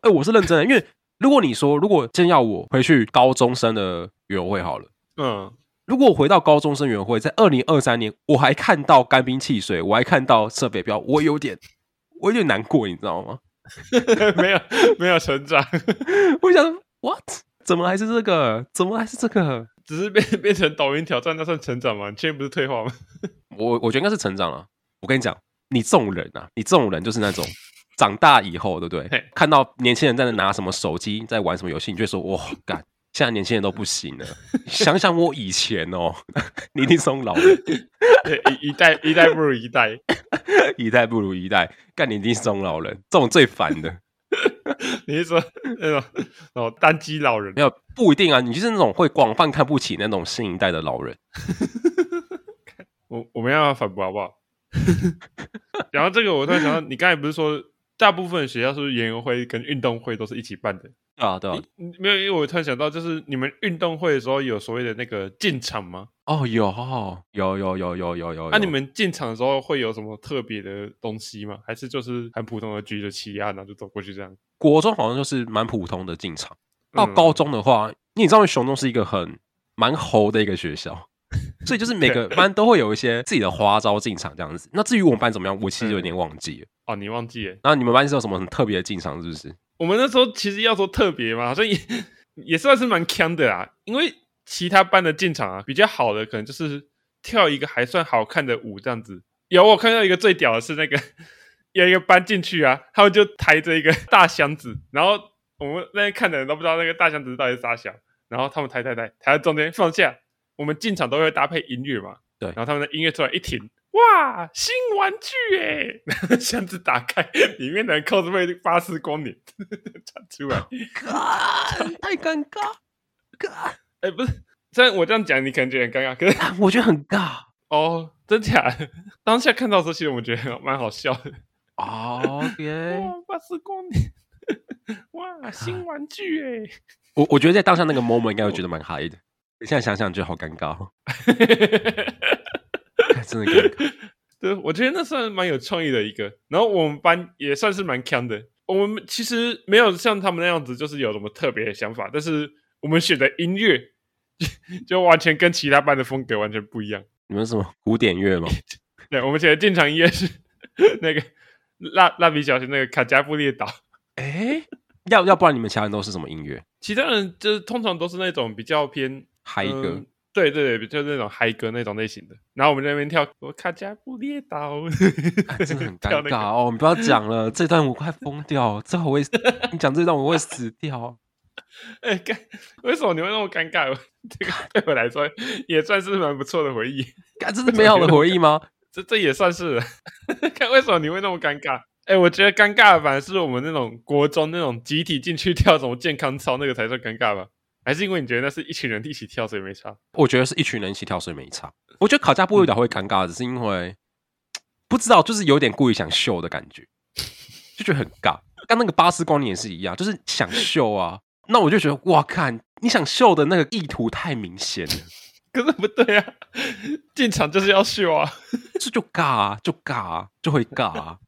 哎、欸，我是認真的、欸，因為如果你說，如果真要我回去高中生的園遊會好了，嗯，如果我回到高中生園遊會，在二零二三年，我還看到乾冰汽水，我還看到設備標，我有點，我有點難過，你知道嗎？ [laughs] [laughs] 沒有，沒有成長， [laughs] 我想，what？怎麼還是這個？怎麼還是這個？只是變變成抖音挑戰，那算成長嗎？你今天不是退化嗎？ [laughs] 我我覺得應該是成長了、啊，我跟你講。你這種人啊，你這種人就是那種長大以後，對不對？ [laughs] 看到年輕人在那拿什麼手機，在玩什麼遊戲，你就會說哇，幹！現在年輕人都不行了。 [laughs] 想想我以前哦、喔，你一定是這種老人， [laughs] 一一代一代不如一代， [laughs] 一代不如一代，幹！你一定是這種老人，這種最煩的。 [laughs] 你是說，那種哦，單機老人沒有不一定啊，你就是那種會廣泛看不起那種新一代的老人 [laughs] 我。我我們要反駁好不好？ [laughs] 然後這個我突然想到，你剛才不是說大部分學校是園遊會跟運動會都是一起辦的啊？對啊，沒有，因為我突然想到，就是你們運動會的時候有所謂的那個進場嗎？哦，有，有、哦，有，有，有，有，有。那、啊、你們進場的時候會有什麼特別的東西嗎？還是就是很普通的舉着旗啊，然後就走過去這樣？國中好像就是蠻普通的進場，到高中的話，嗯、你知道雄中是一個很蠻猴的一個學校。所以就是每個班都會有一些自己的花招進場這樣子。 [laughs] 那至於我們班怎麼樣，我其實就有點忘記了。嗯。哦，你忘記了？那你們班是有什麼很特別的進場是不是？我們那時候其實要說特別嘛，好像也，也算是蠻鏘的啦。因為其他班的進場啊，比較好的可能就是跳一個還算好看的舞這樣子。有，我看到一個最屌的是那個有一個班進去啊，他們就抬着一個大箱子，然後我們那邊看的人都不知道那個大箱子到底是啥小，然後他們抬抬抬抬到中間放下。我們進場都會搭配音樂嘛，對，然後他們的音樂突然一停，哇，新玩具哎、欸， [laughs] 箱子打開，裡面的人 cosplay《巴斯光年》唱 [laughs] 出來，oh、God，太尷尬，哎、欸，不是，雖然我這樣講你可能覺得很尷尬，可是我覺得很尬哦，真的假的？當下看到的時候我覺得蠻好笑的、oh，OK，《巴斯光年》，哇，新玩具哎、欸，我我覺得在當下那個 moment 應該會覺得蠻 high 的。Oh, oh. 現在想想就好尷尬， [laughs] 真的尷尬。對，我覺得那算蠻有創意的一個。然後我們班也算是蠻強的，我們其實沒有像他們那樣子，就是有什麼特別的想法。但是我們選的音樂就完全跟其他班的風格完全不一樣。你們是什麼，古典樂嗎？ [laughs] 對，我們選的進場音樂是那個蠟蠟筆小新那個卡加布列島。哎 [laughs] 欸，要要不然你們其他人都是什麼音樂？其他人就是通常都是那種比較偏。嗨歌、嗯，對對對，就是那種嗨歌那種類型的。然後我們在那邊跳，我卡加布列島，真的很尷尬， [laughs] 的尷尬哦。我們不要講了， [laughs] 這段我快瘋掉了，這好危險， [laughs] 你講這段我會死掉。哎，幹，為什麼你會那麼尷尬？ [laughs] 這個對我來說也算是蠻不錯的回憶。幹，這是美好的回憶嗎？這這也算是。幹 [laughs] 為什麼你會那麼尷尬？哎，我覺得尷尬反是我們那種國中那種集體進去跳什麼健康操那個才算尷尬吧。還是因為你覺得那是一群人一起跳水沒差？我覺得是一群人一起跳水沒差。我覺得考駕不會有點會尷尬，只是因為不知道，就是有點故意想秀的感覺，就覺得很尬。跟那個巴斯光年也是一樣，就是想秀啊。那我就覺得，哇，靠，你想秀的那個意圖太明顯了，根本不對啊！進場就是要秀啊， [laughs] 這就，就尬啊，就尬啊，就會尬啊。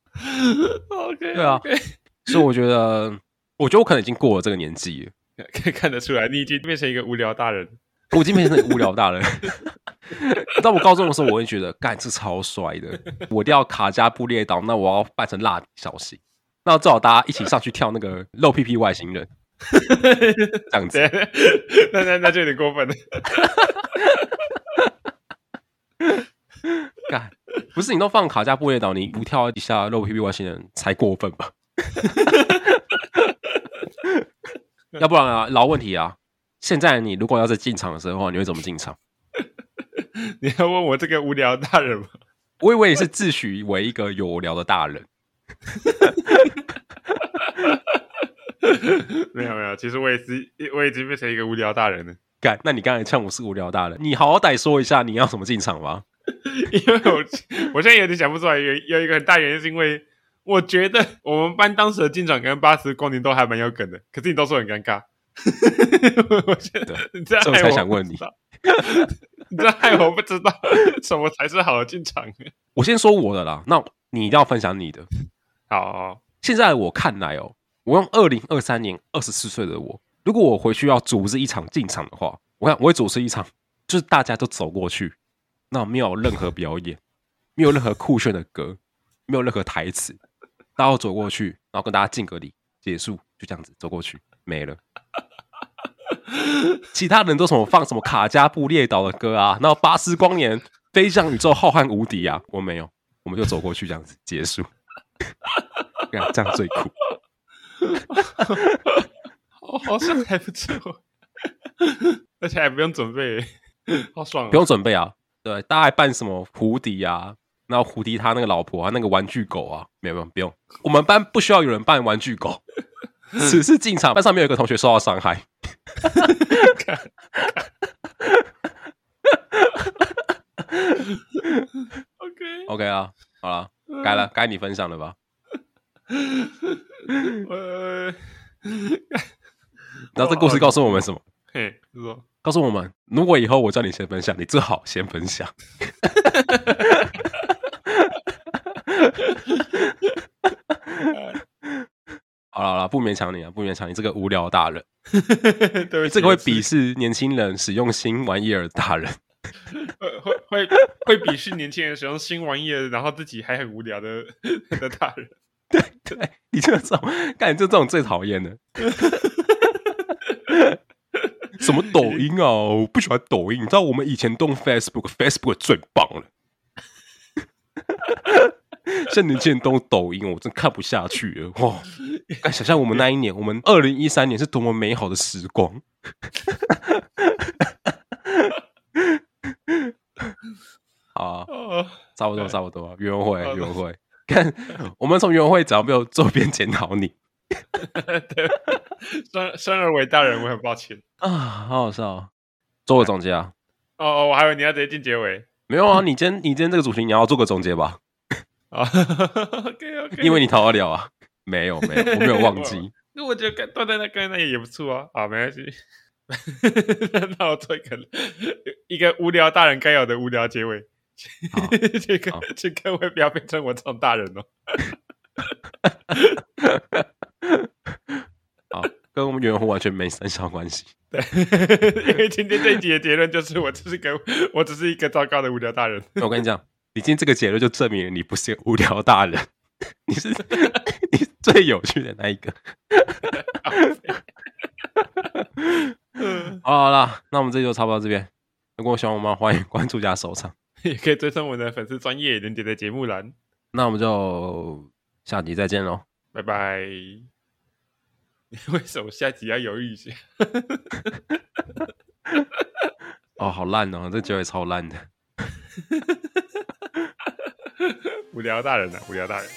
OK，對啊，所以我覺得，我覺得我可能已經過了這個年紀了。可 [laughs] 以看得出來，你已經變成一個無聊大人。我已經變成一個無聊大人。 [laughs] 到我高中的時候，我會覺得，幹 [laughs] 是超帥的。我一定要跳卡加布列島，那我要扮成蠟筆小新，那最好大家一起上去跳那個露屁屁外星人， [laughs] 這樣子。那那那就有點過分了 [laughs] [laughs] 幹，不是你都放卡加布列島，你不跳一下露屁屁外星人才過分吧？ [laughs] [laughs] 要不然啊，老問題啊！現在你如果要在進場的時候的話，你會怎麼進場？ [laughs] 你要問我這個無聊大人嗎？我以為你是自詡為一個有聊的大人。 [laughs] [laughs] 沒有沒有，其實我也是，我已經變成一個無聊大人了。幹，那你剛才嗆我是無聊大人，你好歹說一下你要怎麼進場吧？ [laughs] [laughs] 因為我我現在有點想不出來，有一個很大原因是因為。我覺得我們班當時的進場跟八十公里都還蠻有梗的，可是你都說很尷尬。 [laughs] 我覺得，你這才想問你， [laughs] 你這害我不知道什麼才是好的進場。我先說我的啦，那你一定要分享你的。好，好，現在我看來哦，喔，我用二零二三年二十四歲的我，如果我回去要組織一場進場的話，我想我會組織一場，就是大家都走過去，那沒有任何表演， [laughs] 沒有任何酷炫的歌， [laughs] 沒有任何台詞。然後走過去，然後跟大家敬個禮，結束，就這樣子走過去，沒了。 [laughs] 其他人都什麼放什麼卡加布列島的歌啊，然後巴斯光年飛向宇宙浩瀚無敵啊，我沒有，我們就走過去這樣子 [laughs] 結束 [laughs] 這。這樣最酷，好像還不錯，而且還不用準備、嗯，好爽、啊，不用準備啊。對，大家還辦什麼伏底啊？那胡迪他那個老婆啊，那個玩具狗啊，沒有用，不用。我們班不需要有人扮玩具狗，只是進場班上面有一個同學受到傷害 [laughs] 。 [laughs] [laughs] [laughs] OK OK 啊，好了，該了，該你分享了吧。然後這故事告訴我們什麼？嘿，告訴我們，如果以後我叫你先分享，你最好先分享。 [laughs] [laughs] [laughs] 好了，好了，不勉強你啊，不勉強你，這個無聊大人 [laughs] 對不起，這個會鄙視年輕人使用新玩意兒的大人， [laughs] 會會會鄙視年輕人使用新玩意兒，然後自己還很無聊的的大人， [laughs] 對對，你這種， [laughs] 幹你這種最討厭的， [laughs] 什麼抖音哦、啊，我不喜歡抖音，你知道我們以前動 Facebook，Facebook [laughs] Facebook 最棒了。 [laughs] 像年輕人都抖音，我真看不下去了。哇！想、欸、象我們那一年，我們二零一三年是多麼美好的時光。 [laughs] [laughs] 啊、哦，差不多，差不多。園遊會，園遊會。看，我們從園遊會找不有周邊你，做編檢討。你哈生生而為大人，我很抱歉啊，好好笑。做個總結啊。哦哦，我還以為你要直接進結尾？沒有啊，你今天你今天這個主題，你要做個總結吧。啊、oh, okay, okay. 因為你逃得了啊。沒有沒有，我沒有忘記。那 [laughs] 我，我覺得斷在那，乾那也也不錯啊。啊，沒關係。 [laughs] 那我做一個一個無聊大人該有的無聊結尾。請各、請各位 [laughs] 不要變成我這種大人哦、喔。 [laughs] [laughs] 好，跟我們員工完全沒三小關係。對， [laughs] 因為今天這一集的結論就是，我只是一個，我只是一個糟糕的無聊大人。我跟你講。已經這個結論就證明了你不是個無聊大人，你是 [laughs] 你是最有趣的那一個。 [laughs] Okay . [laughs] 好啦，那我們這就差不多到這邊。如果喜歡我們，歡迎關注加收藏， [laughs] 也可以追蹤我們的粉絲專頁連結的節目欄。那我們就下集再見嘍，拜拜。 [laughs] 你為什麼下集要猶豫一下？ [laughs] [laughs] 哦，好爛哦，這結尾也超爛的。 [laughs] 呵呵，無聊大人呢？無聊大人。